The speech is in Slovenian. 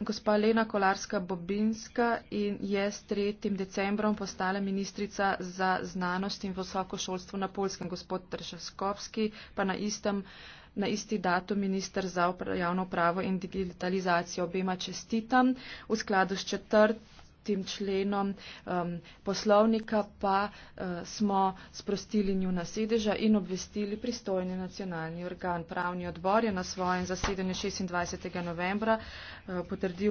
gospa Lena Kolarska Bobinska in je s 3. decembrom postala ministrica za znanost in visoko šolstvo na Polskem. Gospod Tršavskovski pa na, istem, na isti datum minister za javno pravo in digitalizacijo. Obema čestitam v skladu s četrtim tem členom um, poslovnika, pa uh, smo sprostili njuna sedeža in obvestili pristojni nacionalni organ. Pravni odbor je na svojem zasedanju 26. novembra uh, potrdil.